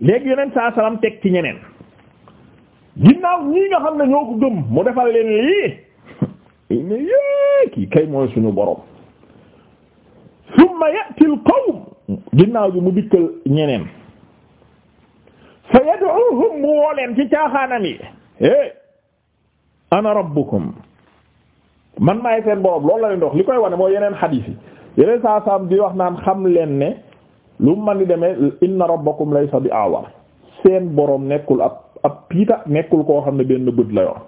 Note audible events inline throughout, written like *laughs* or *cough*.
léegi yeneen saa salaam teg ci ñeneen ginnaaw ñii nga xam ne ñoo ko gëm mu defal leen lii *laughs* ne yée kii kay mooy suñu boroom summa yati l ginnaaw bi mu dikkal ñeneen fa yad'uhum mu woo leen ci caaxaanam yi é ana rabbukum man maay seen borom loolu la leen dox li koy wane mooy yeneen xadiis yi yeneen saa salaam di wax naan xam leen ne lu mu man di demee inna rabbakum laysa bi awar seen boroom nekkul ab ab piita nekkul koo xam ne benn bët la yor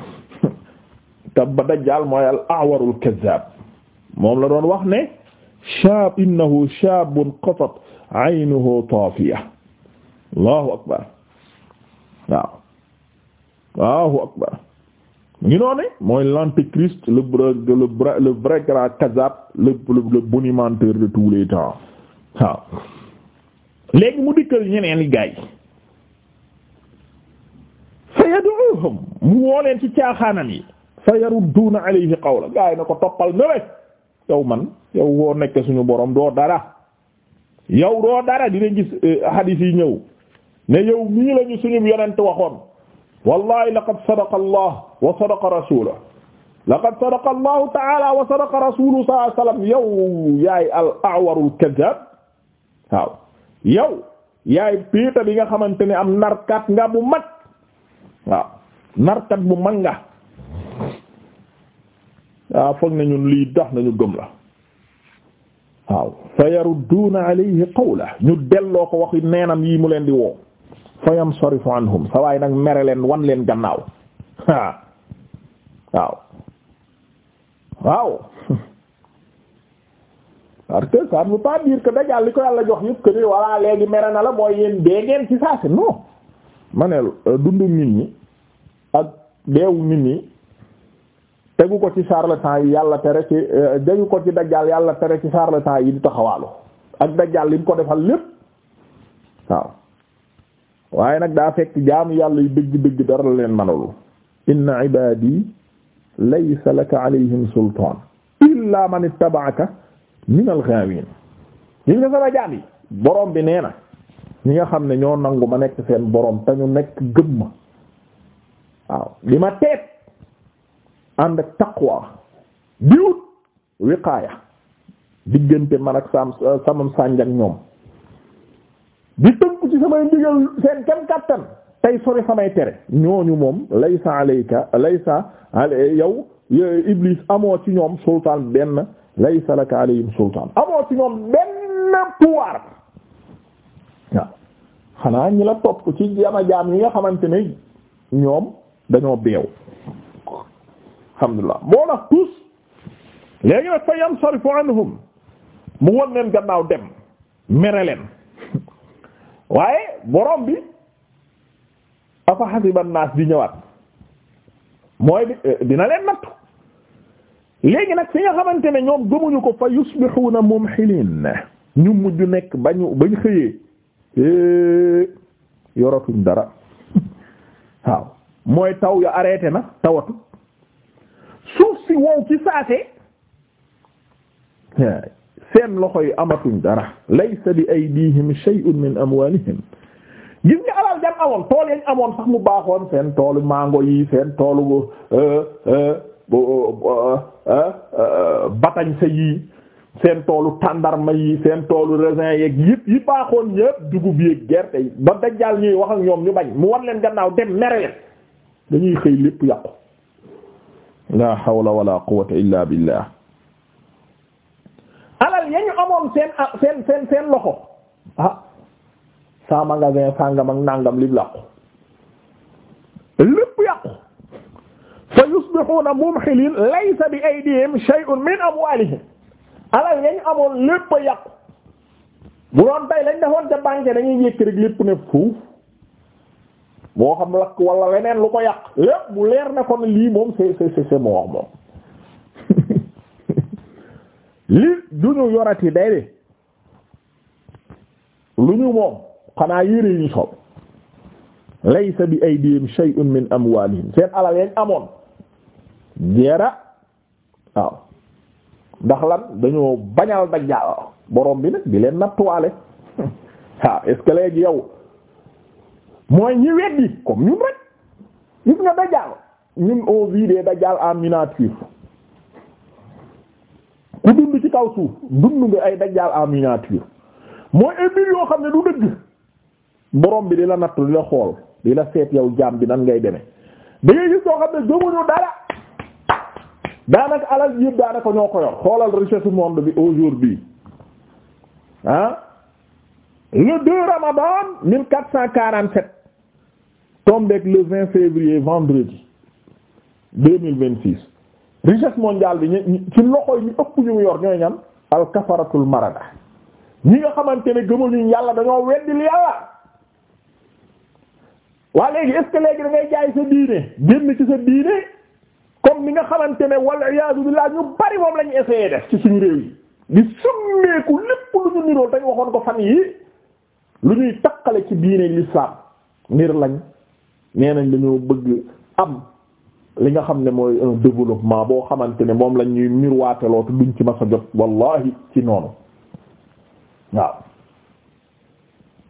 *laughs* te ba mooy al awarul kazzab moom la doon wax ne shaab innahu shaabun qatat aynuhu taafiya allahu akbar waaw allahu akbar mu ngi noonu mooy l'antéchrist le le le vrai grand kazzab le le bonimenteur de tous les temps waaw léegi mu dikkal ñeneen gaay fa yad'uhum mu woo leen ci caaxaanam yi fa yarudduuna alayhi qawla gaay na ko toppal nële yow man yow woo nekk suñu borom doo dara yow doo dara dina gis eh, hadith yi ñëw ne yow mii lañu suñu yonent waxoon wallahi laqad sadaqa allah wa sadaqa rasuluhu laqad sadaqa allahu ta'ala wa sadaqa rasuluhu sallallahu alayhi wasallam yow yaay al a'warul waaw yow yaay piita bi nga xamante ni am narkat nga bu mag waaw narkat bu mag nga waaw foog na ñun lii dox nañu gëm la waaw fa yarudduuna alayhi qawla ñu delloo ko waxi neenam yi mu leen di woo fa yansarifu anhum sa waay nag mere leen wan leen gannaaw *laughs* waaw waaw *laughs* parce que ça ne veut pas li ko yàlla jox yëpp que ni voilà léegi mere na la mooy yéen dee ngeen ci saa si non ma ne euh, dundu nit ak deewu nit ñi tegu ko ci charlatan yi yàlla tere ci tegu euh, ko ci dajal yàlla tere ci charlatan yi di taxawaalu ak dajal li mu ko defal lépp waaw waaye nag daa fekk jaamu yàlla yu dëgg-dëgg dara leen manalu inna ibadi laysa laka alayhim sultan illa man ittaba'aka minal ghaawin gis nga sama jaam yi borom bi nee na ñi nga xam ne ñoo nangu ma nekk seen boroom te ñu nekk gëm ma waaw li ma teet ànd ak taqwa diwut wiqaaya diggante man ak sam samam sànj ak ñoom di tënku ci samay ndigal seen kem kàttan tey sori samay tere ñooñu moom laysa alayka laysa yow iblis amoo ci ñoom sultaan benn laysa laka alayhim sultaan amoo ci ñoom benn pouvoir xanaa ñi la topp ci jama jaam yi nga xamante ne ñoom dañoo beew alhamdulillah moo tax tous léegi yansarifu anhum mu won leen gannaaw dem mere leen *laughs* waaye borom bi afa hasiba an-nas ñëwaat mooy eh, dina leen nattu léegi nag fi nga xamante ne ñoom gëmuñu ko fa yusbihuna mumhilin ñu mujj nekk bañu bañ xëyee eh, yoratuñ dara *laughs* waaw mooy taw ya arrêté na tawatu suuf si wow ci saase seen loxo yi amatuñ dara laysa bi aydihim shay'un min amwalihim gis nga alal jam amoon tool yañ amoon sax mu baaxoon seen toolu mango yi seen toolu eh, eh, Eh, eh, eh, batañ sa yii seen toolu tàndarma yi seen toolu raisin yeeg yëpp yi baaxoon ñëpp dugub yeeg gerte yi ba dajjaal ñuy wax ak ñoom ñu bañ mu war leen gannaaw dem mere leen dañuy xëy lépp yàqu la hawla wala quwwata illa billah alal yañu amoon seen ah, seen seen seen loxo ah sa magasin sàngam ak nàngam li làqu lépp yàqu fa yusbihuna mumhilin laysa bi aydihim shay'un min amwalihim alal yañ amoon lépp a yàqu bu doon tey lañ defoon ca banque dañuy yëkk rek lépp ne fuuf moo xam lakk wala leneen lu ko yàq lépp bu leer ne kon lii moom c'est c'est c'est moo wax moom *laughs* li du ñu yorati day de lu ñu moom xanaa yére ñu sol laysa bi aydihim shay'un min amwalihim seen alal yañ amoon jera waaw ndax lan dañoo bañal dajjaal borom bi nag di leen nattuwaale *laughs* waaw est-ce yow mooy ñi weddi comme ñun rek gis nga dajjaal ñun au vu des ku dund ci kaw suuf dund nga ay dajjaal en miniature mooy ay yoo xam ne du dëgg borom bi di la nattu di la xool di seet yow jaam bi nan ngay demee da ngay gis soo xam ne gëmuñu dara. daanaka alal yëpp daanaka ñoo ko yor xoolal richesse monde bi aujourd'hui ah le 2 ramadan 1447 tombeek le 20 février vendredi 2026 richesse mondiale bi ñu ci loxo yi ñu ëpp ñu yor ñooy ñan alkafaratul marada ñi nga xamante ne gëmuñu yàlla dañoo weddil yàlla waa léegi est-ce que jaay sa diine génn ci sa diine. comme mi nga xamante ne wal iyaadu billaah ñu bari moom lañu essayé def ci suñu réew yi di summeeku lépp lu ñu niroo dañ waxoon ko fan yi lu ñuy takkale ci diine l'islam ngir lañ nee nañ dañoo bëgg am li nga xam ne mooy un développement boo xamante ne moom lañ ñuy mirwaateloo te duñ ci masa jot wallahi ci noonu waaw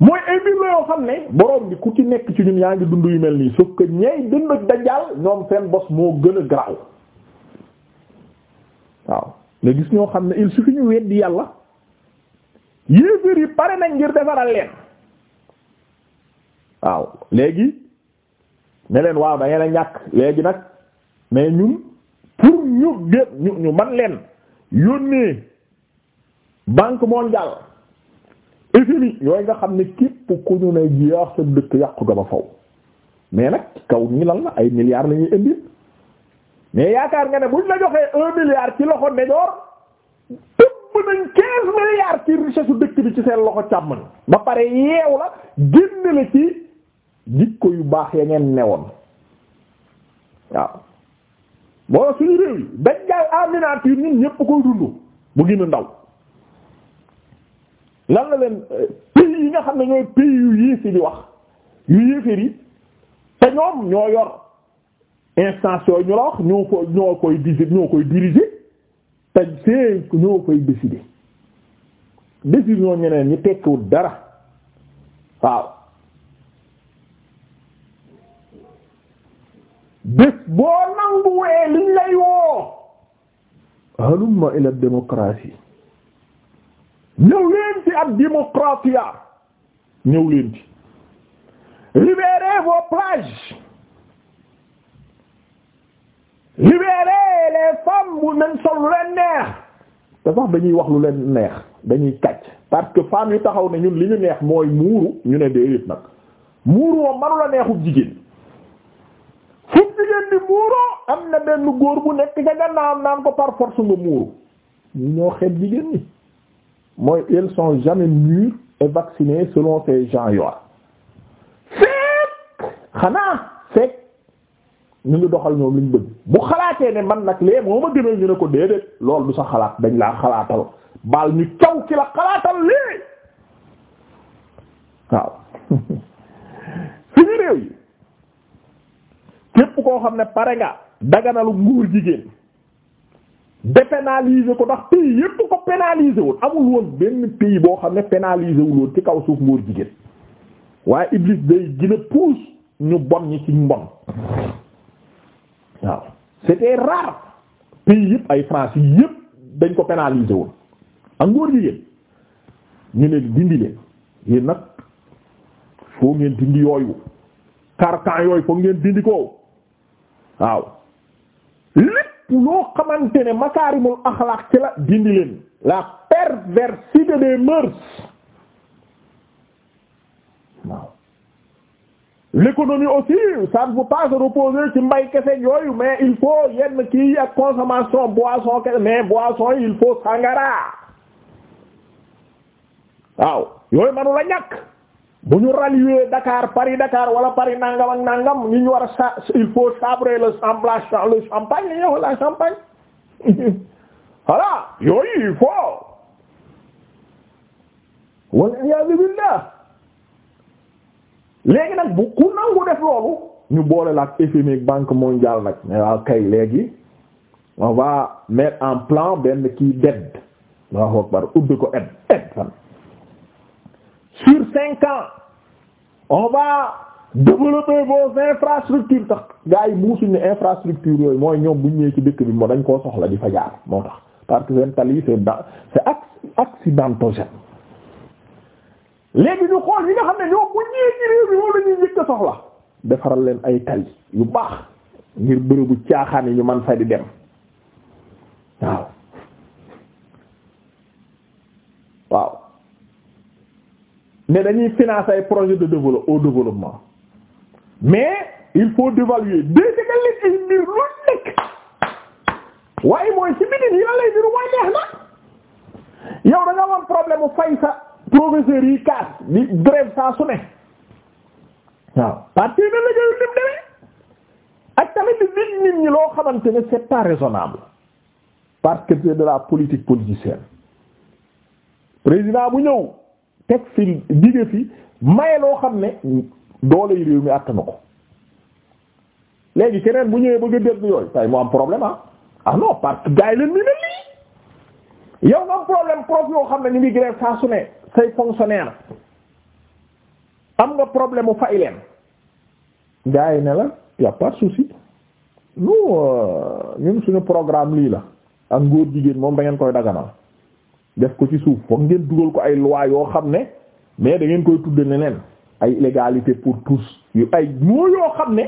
mooy ay la yoo xam ne boroom bi ku ci nekk ci ñun yaa ngi dund yu mel nii sauf que ñay dund ak dajjaal ñoom seen bos moo gën a garaaw waaw nga gis ñoo xam ne il suffit ñu di yàlla yéeféer yi pare nañ ngir defaral leen waaw léegi ne leen waaw da ngeen a ñàkk léegi nag mais ñun pour ñu ñu ñu man leen yónnee banque mondiale effini yooyu nga xam ne képp ku ñu ne jeex sa dëkk yàqu ga ba faw mais nag kaw ñi lan la ay milliards la ñuy indi mais yaakaar nga ne buñ la joxee milliard ci loxo ndejoor tëbb ci su dëkk bi ci seen loxo càmmoñ ba pare yeew la génn la ci jikko yu baax yee ngeen newoon waaw moo suñu réew yi dañ jaay en miniature ñun ñépp koy dund bu gën ndaw lan la euh, yi nga xam ne ñooy pays yu yéefi di wax yu yéeféer yi te ñoom ñoo yor instance yooyu ñu la wax ñoo koy ñoo koy diriger te see ñoo koy décider décision ñeneen ñi tekkiwul dara waaw bés boo nanguwee liñ lay woo halumma ila démocratie ñëw leen ci ab démocratia ñëw leen ci libérez vos plages libérez les femmes bu nañ sol lu leen neex te sax dañuy wax lu leen neex dañuy kàcc parce que femmes yu taxaw ne ñun li ñu neex mooy muuru ñu ne déedéet nag muuru moom manu la neexub jigéen fub jigéen di muuru am na benn góor bu nekk ca gannaawam naan ko par force nga muuru ñu ñoo xeet jigéen ñi mooy ils sont jamais mûrs et vaccinés selon ces gens yoa fekk xanaa fekk ñu ngi doxal ñoom liñ bëgg bu xalaatee ne man nag lee moo ma gënal ñu ne ko déedéet loolu du sa xalaat dañ laa xalaatal baal ñu caw ci la xalaatal lii waaw suñu réew yi képp koo xam ne pare nga daganalu nguur jigéen dépénaliser ko ndax pays yépp ko pénaliser woon amul woon benn pays boo xam ne pénaliser wul woon ci kaw suuf ngóor jigéen waaye Iblis day gën puus ñu bon ñi ci mbon waaw c'était rare pays yépp ay France yi yépp dañ ko pénaliser woon ak ngóor jigéen ñu ne dindi leen yéen nag foo ngeen dindi yooyu carcan yooyu foo ngeen dindi ko waaw lépp loo xamante ne makaarimul axlaaq ci la dindi leen la perversité des mœurs waaw l'économie aussi ça ne peut pas se reposer ci mbay kese yooyu mais il faut yenn kii ak consommation boisson kese mais boisson il faut sangara waaw yooyu manu la ñàkk bu ñu rallier Dakar Paris Dakar wala Paris nangam ak nangam ñu ñu war a sa il faut sabrer le semblage le champagne la eh, ñëw la champagne *laughs* voilà yooyu il faut wala iyaazu billah léegi nag bu ku nangu def loolu ñu boole la ak banque mondiale nag mais waaw kay léegi on va mettre en plan benn kii dedd waaw xoog bar ubbi ko aide aide fan cinq ans on va développer vos tax gars yi muusuñ infrastructure yooyu mooy ñoom buñ ñëwee ci dëkk bi moo dañ koo soxla di fa jaar moo tax parce que seen tali c'est da c'est accidentogène léegi ñu xool yi nga xam ne ñoom bu ñëwee ci réew bi moom la njëkk soxla defaral leen ay tali yu baax ngir bërëbu caaxaan yi ñu man fa di dem waaw waaw ne dañuy financer ay projet de développement au développement mais il faut dévaluer déedéetal nit ay mbir lu nekk waaye mooy ci biti nii lan lay biru mooy neex na yow da nga am problème mu fay sa professeur yi kaas di grève saa su ne waaw parti na la jël lim demee ak tamit di nit nit ñi loo xamante ne c'est pas raisonnable parce que c'est de la politique politicienne président bu ñëw. teg fi dige fi maye loo xam ne doole yi réew mi àttanu ko léegi keneen bu ñëwee ba a dégg yooyu tay mu am problème ah ah non parce que leen ñu ne lii yow nga am problème prof yoo xam ne ñu ngi grève saa su ne say fonctionnaire am nga problème mu fay leen gars ne la y a pas de souci nous euh, ñun suñu programme lii la ak góor jigéen moom da ngeen koy daganal. def ko ci suuf foog ngeen dugal ko ay loi yoo xam ne mais da ngeen koy tudde neneen ay l'égalité pour tous yu ay moo yoo xam ne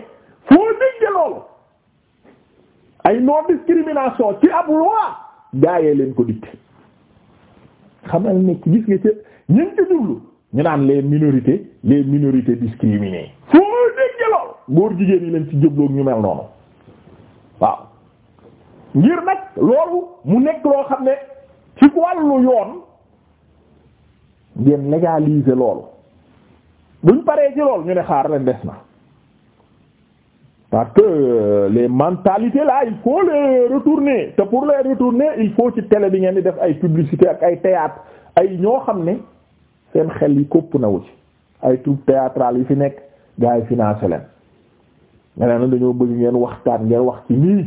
foo dégg loolu ay non discrimination ci ab loi gaayee leen ko dikk xamal ne gis nga ca ñun jublu ñu naan leen minorité les minorités discriminées foo dégg loolu góor jigéen leen ci jubloog ñu mel noonu waaw ngir nag loolu mu nekk loo xam ne ci wàllu yoon ngeen légaliser loolu buñ paree ci loolu ñu ne xaar leen na parce que euh, les mentalités là il faut les retourner te pour les retourner il faut ci télé bi ngeen di def ay publicité ak ay théâtre ay ñoo xam ne seen xel yi kopp na wu ci ay troupe théâtrale yi fi nekk gaa yi financé leen nga ne dañoo bëgg ngeen waxtaan ngeen wax ci nii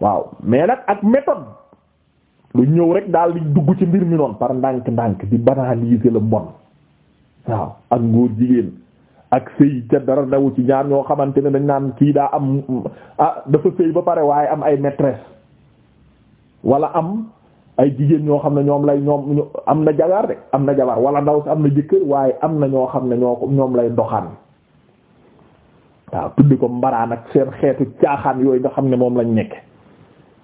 waaw mais nag ak méthode. lu ñëw rek daal di dugg ci mbir mi noonu par ndànk-ndànk di banaliser le mbon waaw ak ngóor jigéen ak sëy ca dara daw ci ñaar ñoo xamante ne dañ naan kii daa am ah dafa sëy ba pare waaye am ay maîtresse wala am ay jigéen ñoo xam ne ñoom lay ñoom am na jabar de am na jabar wala ndaw si am na jëkkër waaye am na ñoo xam ne ñoo ñoom lay ndoxaan waaw tuddi ko mbaraan ak seen xeetu caaxaan yooyu nga xam ne moom lañ nekk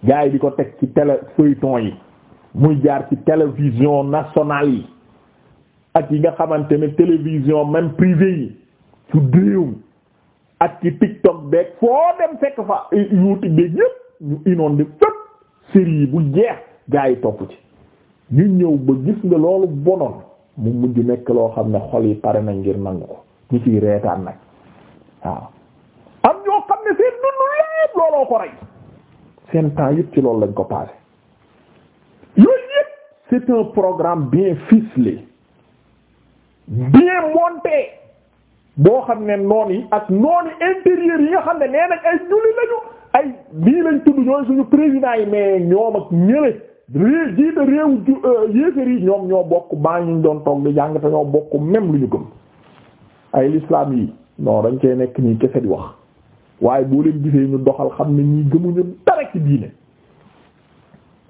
gars yi di ko teg ci télé feuilleton yi muy jaar ci télévision national yi ak yi nga xamante ne télévision même privée yi su déewum ak ci tiktok beeg foo dem fekk fa youtube beeg ñépp ñu inondé fépp série yi bu jeex gars yi topp ci ñu ñëw ba gis nga loolu bonoon mu mujj nekk loo xam ne xol yi pare na ngir nangu ko ñu ciy reetaan nag waaw am ñoo xam ne seen dundu lépp looloo ko rey seen temps yëpp ci loolu lañ ko passé yooyu yëpp c'est un programme bien ficelé bien monté boo xam ne noon yi ak nooni intérieur yi nga xam ne nee nañ ay julli lañu ay bii lañ tudd ñooy suñu président yi mais ñoom ak ñële réew jiite réew euh, yéefér yi ñoom ñoo bokk baa ñu doon toog di jàng te ñoo bokk même lu ñu gëm ay l'islam yi non dañ koy nekk nii kese di wax waaye boo leen gisee ñu doxal xam ne ñi gëmuñu dara ci diine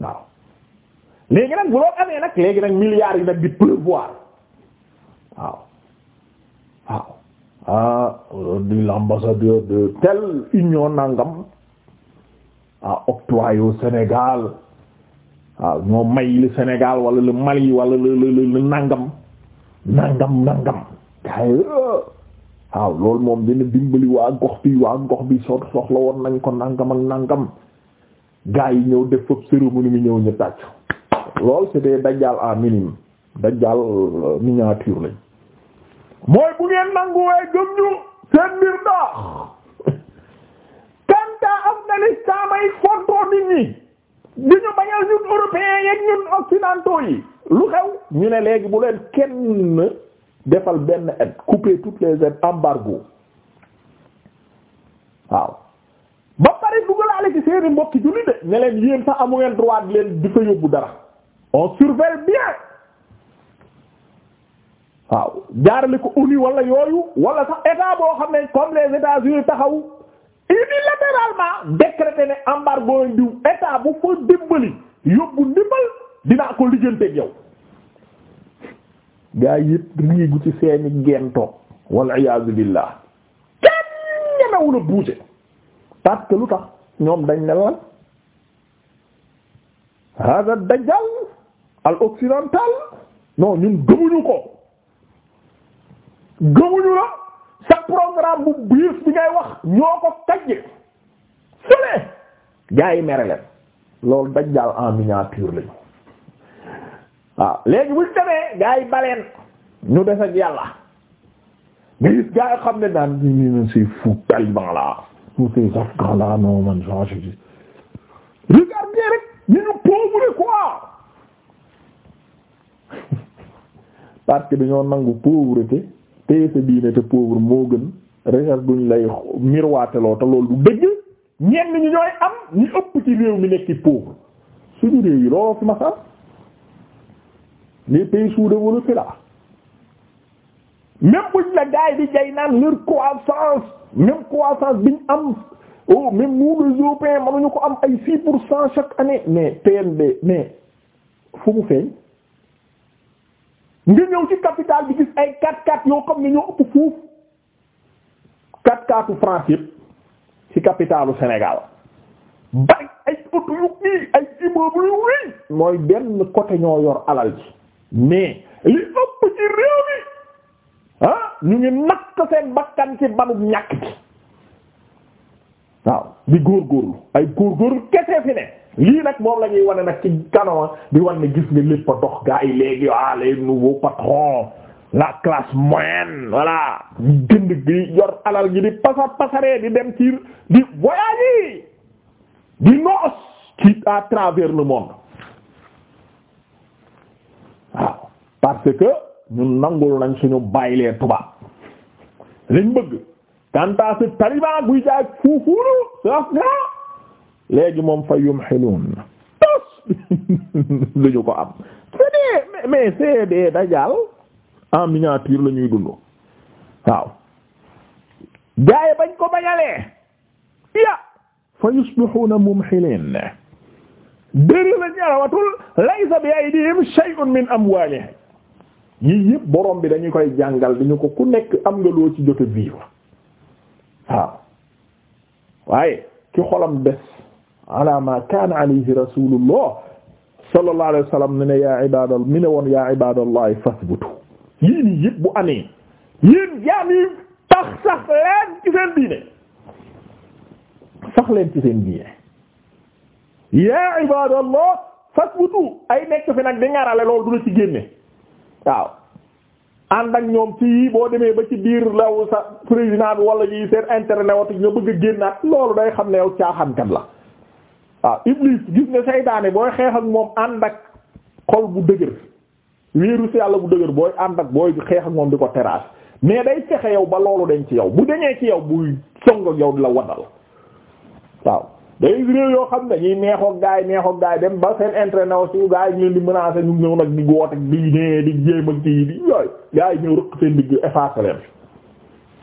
waaw léegi nag bu loolu amee nag léegi nag milliards di pleuvoir waaw waaw ah aujourd'hui euh, l'ambassadeur de telle union nangam a ah, octroyé Sénégal waaw ah, ñoo may le Sénégal wala le Mali wala le le le nangam nangam nangam waaw loolu moom dina dimbali waa gox bi waa gox bi so soxla woon nañ ko nangam ak nangam gaa yi ñëw def foofu cérémonie mu ñëw ñu tàcc lool c'était dajjaal à minime dajjaal euh, miniature lañ mooy bu ngeen nanguwee gëm ñu seen mbir daax kanta Afghanistan may fontoo nit ñi di ñu bañal ñun européens yeeg ñun occidentaux yi lu xew ñu ne léegi bu leen kenn defal benn aide couper toutes les aides embargo waaw ba pare dugalaale ci seeni mbokki julli de ne leen yéen sax droit leen di fa yóbbu dara on surveille bien waaw jaarale ko uni wala yooyu wala sax état boo xam ne comme les États-Unis taxaw unilatéralement décrété ne embargo diw état bu fa dimbali yóbbu ndimbal dinaa ko lijjanteeg yow. gaa yëpp riigu ci seeni gento wal iyaazu billah kenn ñemewul a bouger parce que tax ñoom dañ ne lan hada dajjal al occidental non ñun gëmuñu ko gëmuñu la sa programme bu biis bi ngay wax ñoo ko kajj fële gaa yi mere leen loolu dajjal en miniature lañu waaw léegi buñ demee gaa yi baleen ñu des ak yàlla nga gaa yi xam ne daan ñu ngi leen si fou tellement là tous ces Afghans là non man je dis regardez rek ñu ñu pauvre quoi *laughs* parce que dañoo nangu pauvreté téye sa diine te pauvre moo gën richesse duñ lay miroiteloo te loolu dëgg ñenn ñi ñooy am ñu ëpp ci réew mi nekk ci pauvre suñu réew yi looloo fi ma sax. les pays sous-développés là même buñ la gaay di jay naan leur croissance même croissance biñ am oh même nous les Européens mënuñu ko am ay six pour cent chaque année mais PNB mais fu mu feeñ nga ñëw ci capital bi gis ay quatre quatre yoo xam ne ñoo ëpp fuuf quatre quatre France yëpp ci capitalu Sénégal bari ay oto yu kii ay immeuble yu wéy mooy benn côté ñoo yor alal ji mais li ëpp ci réew mi ah ñu ngi nakk seen bakkan ci banub ñàkk bi waaw di góorgóorlu ay góorgóorlu kese fi ne lii nag moom lañuy ñuy wane nag ci kanama di wane gis nga lépp a dox gaa yi léegi ah les nouveaux patrons la classe moyenne voilà di gënd alal gi di pasa pasaree di dem ci di voyage yi di noos ci à travers le monde parce que ñun nangul nañ suñu bàyyilee tubaab liñ bëgg kantaa si taliban buy jaay fuufuuru saf na léegi moom fa yumxiluun tos luñu *laughs* ko am c'est des mais c'est des dajal en miniature la ñuy dund waaw gaaye bañ ko bañalee ya fa yusbihuna mumxilin dëri la ñarawatul laysa bi aydihim shay'un min amwalihim yii yëpp borom bi dañu koy jàngal dañu ko ku nekk am nga loo ci jot a vivre waaw waaye ki xolam des ala ma kaana alayhi rasulullah sallallahu alayhi ne yaa mi ne woon yaa ibadallahi fasbutu yii nii yëpp bu amee yéen jaam yi tax sax leen ci seen diine sax ci seen diine yaa ibadallah di la ci génne waaw ànd ak ñoom ci boo demee ba ci biir law sa président bi wala yi seen intérêt newatu nga bëgg a génnaat loolu day xam ne yow caaxaankat la waaw Iblis gis nga seytaane booy xeex ak moom ànd ak xol bu dëgër wéeru si yàlla bu dëgër booy ànd ak booy xeex ak moom di ko terrasse mais day fexe yow ba loolu dañ ci yow bu dañee ci yow buy song ak yow di la wadal waaw day réew yoo xam ne ñuy neexoog gaay neexoog gaay dem ba seen entraîneur aussi gaay ñu leen di menacer ñu ñëw di goot ak di nee rëq seen digg effacer leen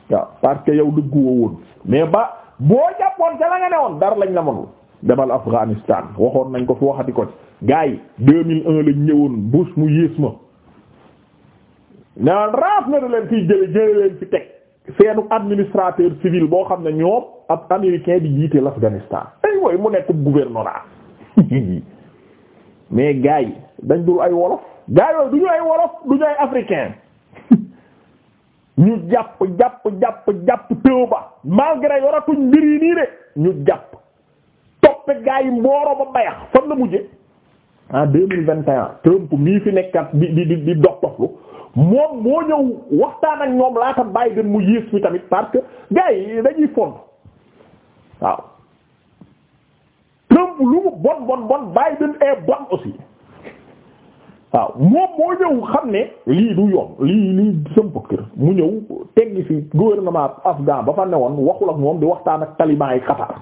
waaw parce que yow dëggu woo woon mais ba boo jàppoon ca la nga ne woon dara lañ la mënul demal Afghanistan waxoon nañ ko fi waxati ko ci gaay yi 2001 lañ ñëwoon Bush mu yées ma ñaan raaf na da leen fiy jële jële leen fi teg feenu administrateur civil boo xam ne ñoom ab américain bi jiite l'Afghanistan ay wooy mu nekk gouvernorat *laughs* mais gars yi dañ dul ay wolof gars yooyu du ñu ay wolof du ñu ay africain *laughs* ñu jàpp jàpp jàpp jàpp tëw ba malgré yoratuñ mbir de ñu jàpp toppe gars yi mbooro ba bayax fan la mujje en deux mille vingt et un Trump mii fi nekkat di di di dox doxlu moom moo ñëw waxtaan ak ñoom laata bàyyi dem mu yées mi tamit parce que gars yi dañuy fond waaw Trump lu mu bon bon bon Biden est bon aussi waaw moom moo ñëw xam ne lii du yoon lii lii sëmpa kër mu ñëw teggi fi gouvernement afghan ba fa newoon waxul ak moom di waxtaan ak taliban yi Qatar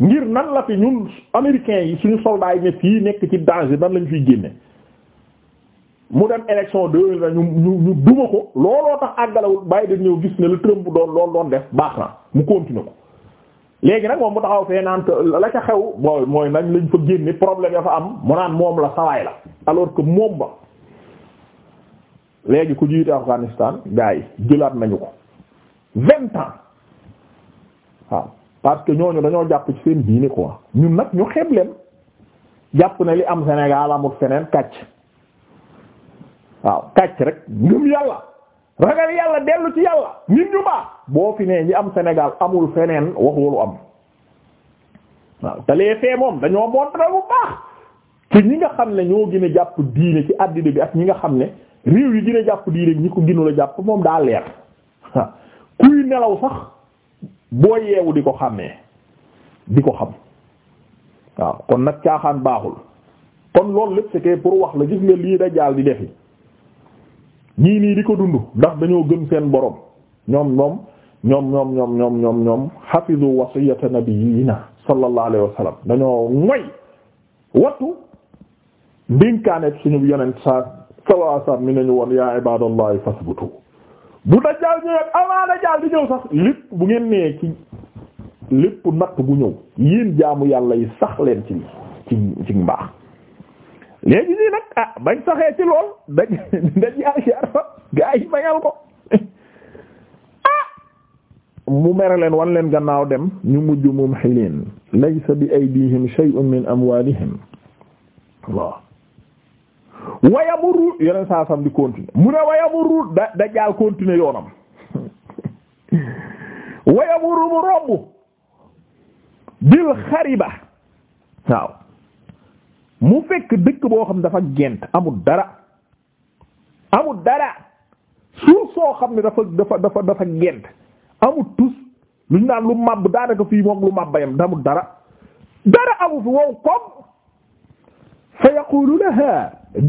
ngir nan la fi ñun américains yi suñu soldats yi ne fii nekk ci danger nan lañu fiy génne mu dem élection deux la ñu ñu ñu duma ko looloo tax àggalawul bàyyi da ñëw gis ne la Trump doon loolu doon def baax na mu continuer ko léegi nag moom mu taxaw fee naan la ca xew mooy mooy nañ lañ fa génne problème ya fa am mu naan moom la sawaay la alors que moom ba léegi ku jiite Afghanistan gars yi jëlaat nañu ko vingt ans waaw parce que ñooñu dañoo jàpp ci seen diine quoi ñun nag ñu xeeb leen jàpp ne li am Sénégal amul feneen kàcc waaw kàcc rek ngëm yàlla ragal yàlla dellu ci yàlla nit ñu baax boo fi nee ñi am senegal amul feneen lu am waaw te les faits moom dañoo montré bu baax ci ñi nga xam ne ñoo gën a jàpp diine ci àddina bi ak ñi nga xam ne réew yi gën a jàpp diine ñi ko gënul jàpp moom daa leer kuy nelaw sax boo yeewu di ko xàmmee di ko xam waaw kon nag caaxaan baaxul kon loolu lépp c'était pour wax la gis nga lii da jaal di defi ñii nii di ko dund ndax dañoo gën seen borom ñoom ñoom ñoom ñoom ñoom ñoom ñoom ñoom hafizu wasiyata nabiyina na alayhi wa sallam dañoo moy wattu ndinkaane suñu yonent sa sallallahu alayhi wa sallam mi nañu woon ya ibadallahi fasbutu bu dajjaal ñëwee avant di ñëw sax lépp bu ngeen nee ci lépp natt bu ñëw yéen jaamu yàlla yi sax leen ci ci ci mbaax léegi nii nag ah, bañ saxee ci lool dañ *laughs* dañ *laughs* ah, leen wan leen gannaaw dem ñu mujj mum xiliin laysa bi aydihim continuer mu ne wayamuru da da jaal continuer yoonam *laughs* wayamuru mu romb bil xariba waaw mu fekk dëkk boo xam dafa gent amul dara amut dara suuf soo xam ne dafa dafa dafa dafa gent amul tus lu ñu naan lu màbb daanaka fii moom lu màbbayam damul dara dara amu fi wow koom fa yaqulu laha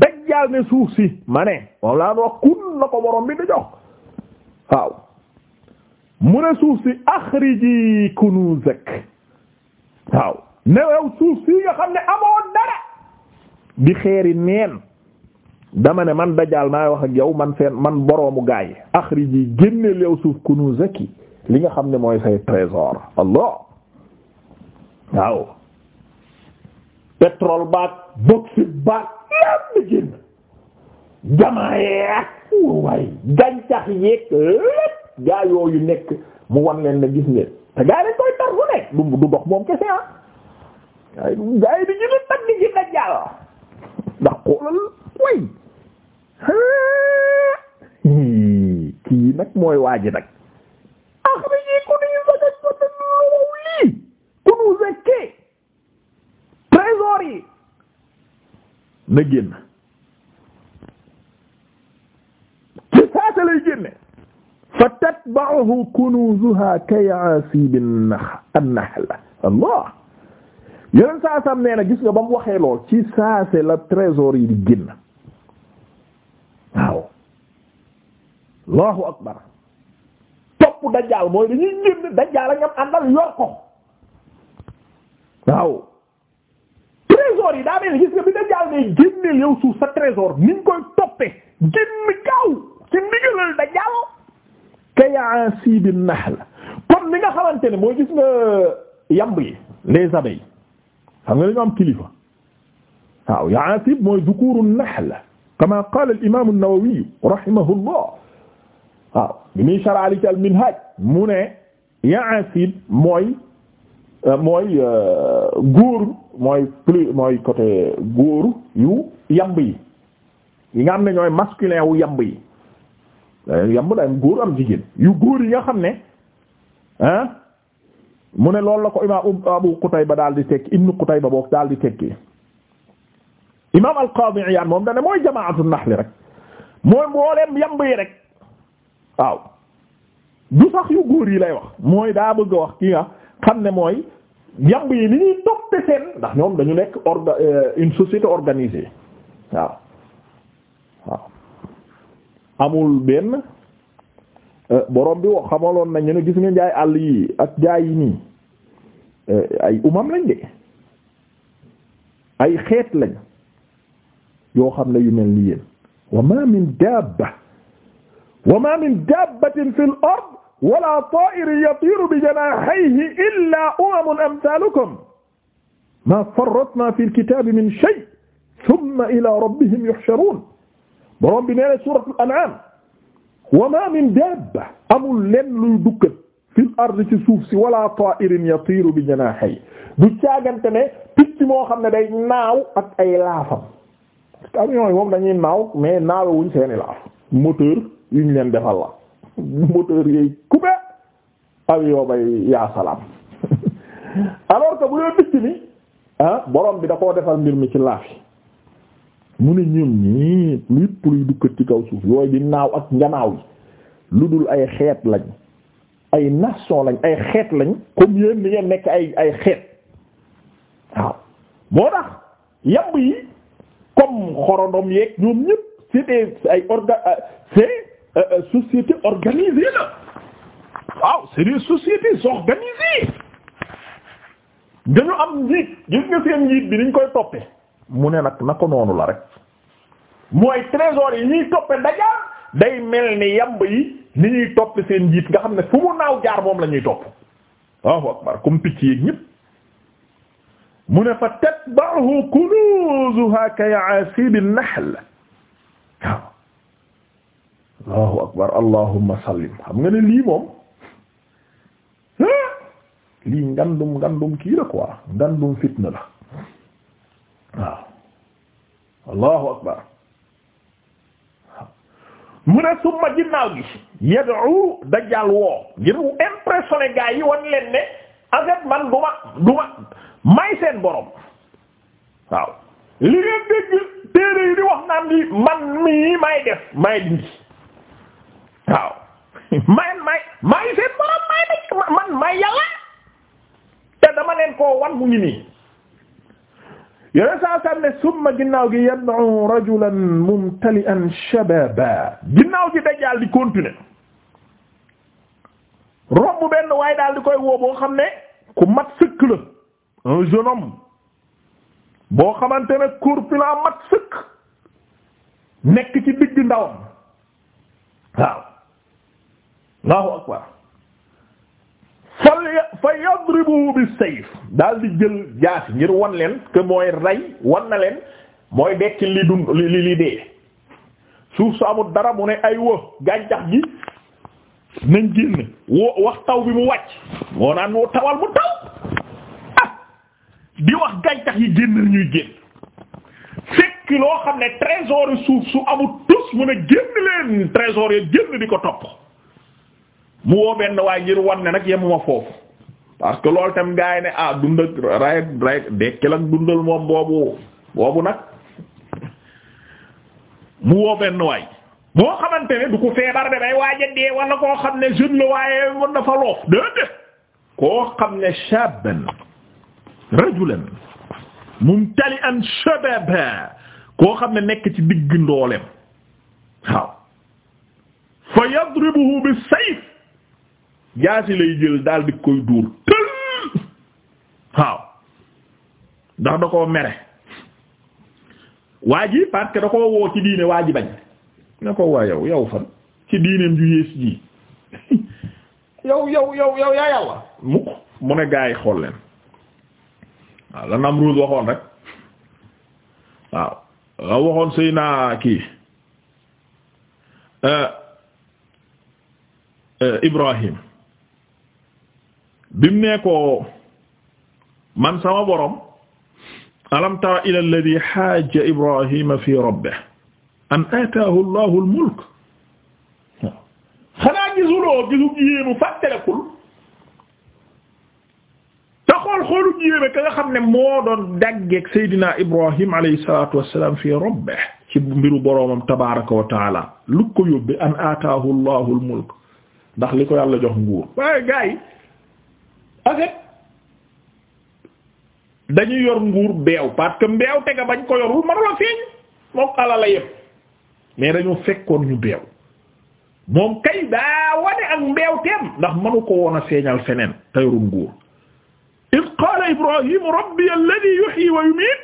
dajjaal ne suuf si ma ne moom laa wax kun la ko borom bi di jox waaw mu ne suuf si akhriji kunuzak waaw ne yow suuf si nga xam ne amoon di xeeri neen dama ne man dajaal maay wax ak yow man seen man boroomu gaay axriji génneel yow suuf kunuzaki li nga xam ne mooy say trésor allah waaw pétrole baag bauxite baag lépp na génn jamaa yeeg waay gàncax yeeg lépp nekk mu wan leen na gis leen te gaa yi koy tar fu ne du dox moom kese ah gaa yi di gën a tag di dajaal ndax xoolal way kii nag mooy waaji nag axriji ah, ku nuñu saga sota lowow lii ku nu zekke trésor yi na génn ci saasa lay génne fa tatba'uhu kunuzuha kay'asibin nahl allah yeneen saa sam nee na gis nga ba mu waxee lool ci saase la trésor yi di génn waaw allahu akbar topp dajjaal mooy dañuy génn dajjaal a ñam àndal yor ko waaw trésor yi daa gis nga bi dajjaal ne génneel yow suuf sa trésor ni koy toppe génn gaaw ci ndigalal dajjaal kayaasibi nahl comme ni nga xamante ne mooy gis nga yamb yi les abeilles xam nga dañu am kilifa waaw yaatib mooy dukuuru nahl kama qaala al imaam an-Nawawi rahimahullah waaw bi muy saraali ci al mu ne yaatib mooy mooy euh, góor mooy plus mooy góor yu yamb yi yi nga xam ne ñooy masculin wu yamb yi yamb day am am jigéen yu góor yi nga xam ne ah mu ne lool la ko imaam um, Abu Qutayba daal di tekki Ibnu Qutayba boog daal di tekki imaam al-Qaadi Iyaad moom dane mooy jamaatu naxli rek mooy mbooleem yamb yi rek waaw du sax yu góor yi lay wax mooy daa bëgg a wax ki nga xam ne mooy yamb yi ni ñuy toppe seen ndax ñoom dañu nekk orga euh, une société organisée waaw waaw amul benn Euh, borom bi wax xamaloon nañu ne gis nga jaay àll yi ak jaay yi nii euh, ay umam lañ de ay xeet lañ yoo xam ne yu mel ni yéen wa ma min dabba wa ma min dabbatin fil ard wala ta'irin yatiru bi janahihi illa umamun amsalukum ma farratna fil kitabi min shay thumma ila rabbihim yuhsharun borom bi nee na suratul an'am wa ma min dabba amul lenn luy dukkat fil ard ci suuf si wala ta'irin yatiru bi janahi du caagante ne picc moo xam ne day naaw ak ay laafam avion yi moom dañuy naaw mais naawewuñ seeni laaf moteur yuñ leen defal la *laughs* moteur yooyu coupé avion bay yaa salaam *laughs* alors que bu leen picc mi ah, borom bi da koo defal mbir mi ci laaf mu ne ñun ñii lépp luy dukkat ci kaw suuf yooyu di naaw ak njanaaw yi lu dul ay xeet lañ ay nation lañ ay xeet lañ comme yéen ni nekk ay ay xeet waaw moo tax yamb yi comme xorondom yeeg ñoom ñëpp c'est des ay orga euh, c'est euh, euh, société organisée la waaw c'est des sociétés organisées dañu am njiit gis nga seen njiit bi niñ koy toppee mu ne nag na noonu la rek mooy trésor yi ñuy toppe dajaar day mel ni yamb yi ni ñuy topp seen njiit nga xam ne fu mu naaw jaar moom la ñuy topp waaw akbar comme picc yi mu ne fa tatba'uhu kunuzuha ka ya'asib an-nahl waaw allahu akbar allahumma sallim xam nga ne lii moom ah, lii ngandum ngandum kii la quoi ngandum fitna la allahu akbar mu ne summa ginnaaw gi yad'u dajjal woo ngir impressionné gaa yi wan leen ne en man duma duma may seen boroom waaw li ngeen dégg téere yi di wax naan ni man mii may def may dindi waaw *laughs* may may may seen borom may def may yàlla te dama leen koo wan mu ngi nii yeneen saa saa ne summa ginnaaw gi yad'u rajulan mumtali'an shababa ginnaaw gi dajjaal di continuer romb benn waaye daal di koy woo boo xam ne ku mat sëkk la un jeune homme boo xamante ne corpulent mat sëkk nekk ci digg ndawam waaw Allahu akbar fa yadribuhu sayf daal di jël jaasi ngir wan leen que mooy rey wan na leen mooy dekkil li dund li li dee suuf su amul dara mu ne ay wa gàncax gi nañ génn wo wax taw bi mu wàcc moo naan woo tawal mu taw ah di wax gàncax yi génn ñuy génn fekk loo xam ne trésor yu suuf su amul tus mu ne génn leen trésor ya génn di ko topp mu woo benn waaye ngir wan ne nag yemuma foofu parce que lool tam gaa yi ne ah dund ak ray ak dundal moom boobu boobu nag mu woo benn waay xamante ne du ko feebar de day waaja dee koo xam ne jeune waaye mën na fa loof déedéet koo xam ne shaban rajulan mumtali'an shababa koo xam ne nekk ci digg ndooleem waaw fa yadribuhu bis sayf jaasi lay jël daal di koy duur waaw ndax da koo mere waa ji parce que da koo woo ci diine waa ji bañ ne ko waa yow yow fan ci diineem ju yées ji *laughs* yow yow yow yaa yàlla mukk mu ne gaa yi xool leen waaw la Namruud waxoon rek waaw nga waxoon sëy naa kii euh, euh, Ibrahim bi mu nee ko man sama borom alam tara ila alladi xaaja ibrahima fi rabbihi an ataahu allahu almulk xanaa gisuloo gisu yéemu fàttalekul te xool xoolu yéeme ka nga xam ne moo doon daggeeg Seydina Ibrahim alayhi salaatu wassalaam fi rabbihi ci mbiru boroomam tabaaraka wa taala lu ko yóbbee an ataahu allahu almulk ndax li ko yàlla jox nguur waaye gaay yi dañuy yor nguur beew parce que mbeew te nga bañ ko yorul man la feeñ moom ala la yëpp mais dañoo fekkoon ñu beew moom kay daa wane ak mbeew teem ndax manu ko woon a feeñal feneen te yorul nguur id qaala ibrahimu rabbi alladi yuhyi wa yumiit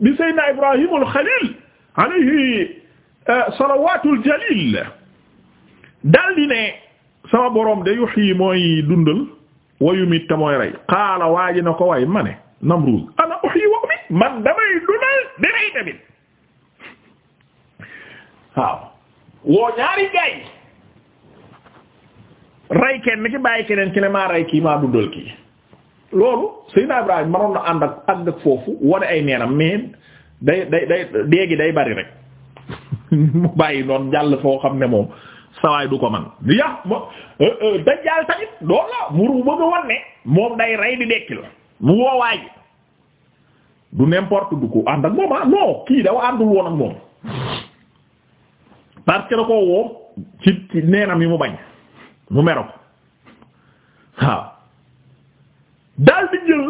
bi sayyidina ibrahimu alxalil alayhi euh, salawatul jalil daldi ne sama boroom de yuhyi mooy dundal wa yumiit te mooy rey qaala waaji na ko way ma ne Namrud ana uhyi man damay dundal di rey tamit waaw woo ñaari gaay rey kenn ki bàyyi keneen ki ne maa rey kii maa dundal kii loolu Seydina Ibrahim manoon na ànd ak ànd ak foofu wane ay neenam mais day day day déegi day bari rek *laughs* mu bàyyi noonu jàll foo xam ne moom sawaay du ko man ya ma eh, eh, dajjaal tamit loolu la muru bëgg a wan ne moom day rey di dekkil mu woowaay du n'importe du ko ànd ak moom ah non kii dafa àndul woon ak moom parce que da koo woo ci neenam yi mu bañ mu mero ko daal di jël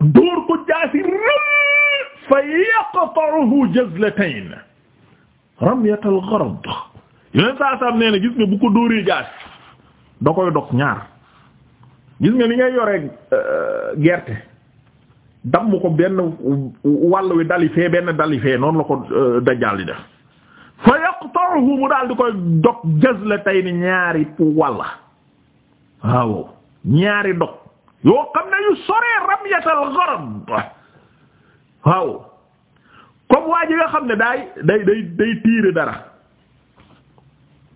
dóor ko jaasi ram fa yaqta'uhu jazlatayn ramyatal gharad yeneen saa saam nee na gis nga bu ko dóoree jaasi da koy dog ñaar gis nga li ngay yoree euh, gerte damm ko benn wàll wi dali benn dali noonu la ko euh, dajjaal di def fa yaqta'uhu mu daal di koy dog jazlatayni ñaari walla waaw ñaari dog yoo xam ne yu soree ramyatal waaw comme waa ji nga xam ne daay day day tiire dara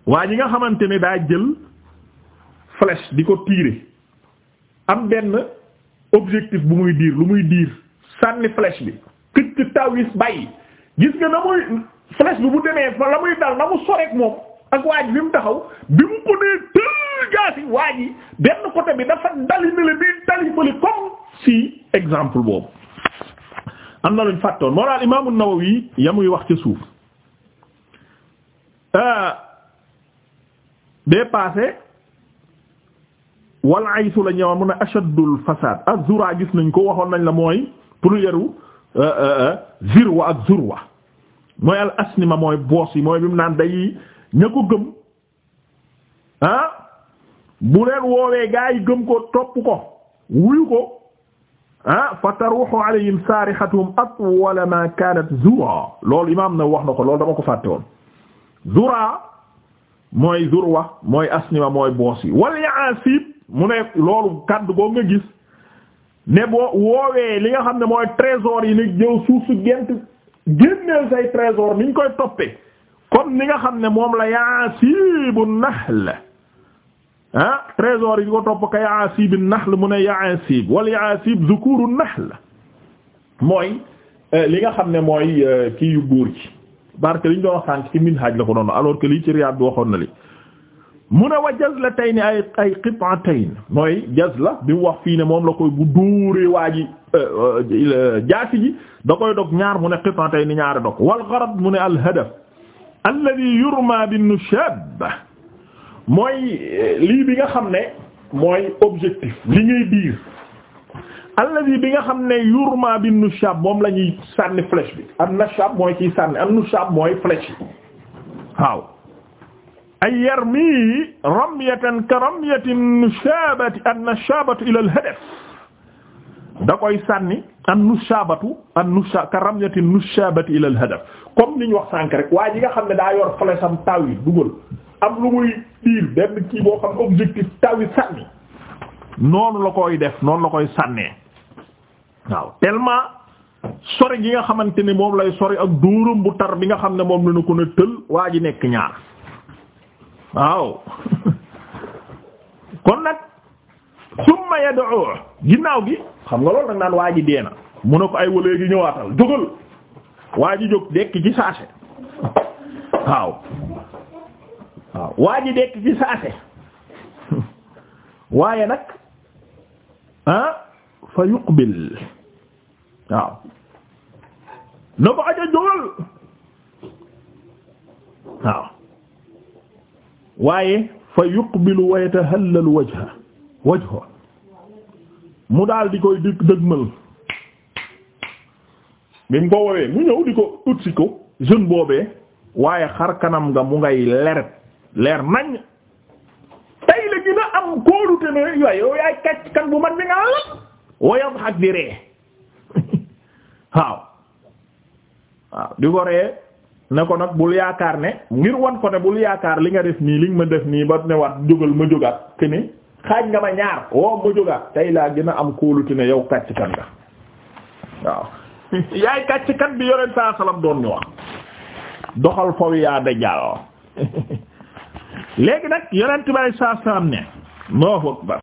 waa yi nga xamante ni daa jël flèche di ko tiire am benn objectif bu muy diir lu muy diir sànni flèche bi këcc tawis bàyyi gis nga na muy bi bu demee fa la muy dal na mu soreek moom ak waa bi mu taxaw bi mu ko nee tël jaasi waa ji benn côté bi dafa dali ne la day dali fële comme si exemple boobu am na luñ fàttoon moo daal imaamu Nawawi ya muy wax ca suuf bee euh, passé wal aysu la ñëwoon mu ne ashaddul fasaad az-zura gis nañ ko waxoon nañ la mooy pluriel u euh, euh, euh, zirwa ak zurwa mooy al asnima mooy boos yi mooy bi mu naan day ña ko gëm ah bu leen woowee gaa yi gëm ko topp ko wuyu ko ah fa taruhu alayhim saarihatuhum atwala ma kaanat zura loolu imaam na wax na ko loolu dama ko fàtte woon zura mooy zurwa mooy asnima mooy boos yi wal yaasib mu ne loolu kàddu boo nga gis ne boo woowee li nga xam ne mooy trésor yi ni jëw suuf su gent génneel say trésor niñ koy toppee comme ni nga xam ne moom la yaasibu nahl ah trésor yi di ko topp ka yaasibi nahl mu ne yaasib wala yaasib zukuru nahl mooy euh, li nga xam ne mooy euh, kii yu góor ci barke li ñu doon sànk ci minhaj la ko noonu alors que lii ci Riyad bi waxoon na li mu ne wa jazlatayni ay ay qit'atayn mooy jazla bi mu wax fii ne moom la koy bu dóoree waa ji euh, euh, euh, jaasi ji da koy dog ñaar mu ne qit'atayn ñaari dog wal gharad mu ne al hadaf alladhi yurma bin nushab mooy lii bi nga xam ne mooy objectif li ngay diir alladhi bi nga xam ne yurma nu nushab moom la ñuy sànni flèche bi an nushab mooy ciy sànni an nushab mooy flèche yi waaw ay yarmihi ramyatan ka ramyati nushabati an nushabatu ila al da koy sànni an nushabatu an nusha ka ramyati nushabati ila al comme niñ wax sànk rek waa ji nga xam ne daa yor flèche am taw yi dugal am lu muy tiir benn kii boo xam objectif taw yi sànni noonu la koy def noonu la koy sànnee waaw tellement sori gi nga xamante ne moom lay sori ak dóoram bu tar bi nga xam ne moom la ñu ko ne tël waa ji nekk ñaar aw kon nag summa yad'u ginnaaw gi xam nga loolu nag naan waa ji dee na mu ne ko ay wala gi ñëwaatal jógal waa ji jóg dekk ci saase waaw waaw waa ji dekk ci saase waaye nag ah fa yuqbil waaw na ko aja jógal waaw waaye fa yuqbilu wa yatahallalu wajha wajha mu daal di koy dëgmal bi ko woowee mu ñëw di ko utsi ko jeune boobee waaye xar kanam nga mu ngay ler leer nañ tey la gën a am kóolute ne yow yaay kàcc kan bu man bi nga la woyam ak di ree *laughs* waaw waaw di ko ree ne ko nag bul yaakaar ne ngir wan ko ne bul yaakaar li nga def nii li nga ma def nii ba ne waat jógal ma jógaat ke ni xaaj nga ma ñaar woo ma jógaat tey laa gën a am kóolute ne yow kàcckat nga waaw *laughs* yaay kàcckat bi yoneen saa salam doon ñu wax doxal fawi yaa dajjal *laughs* léegi nag yonent bi saa salam ne moo foog ba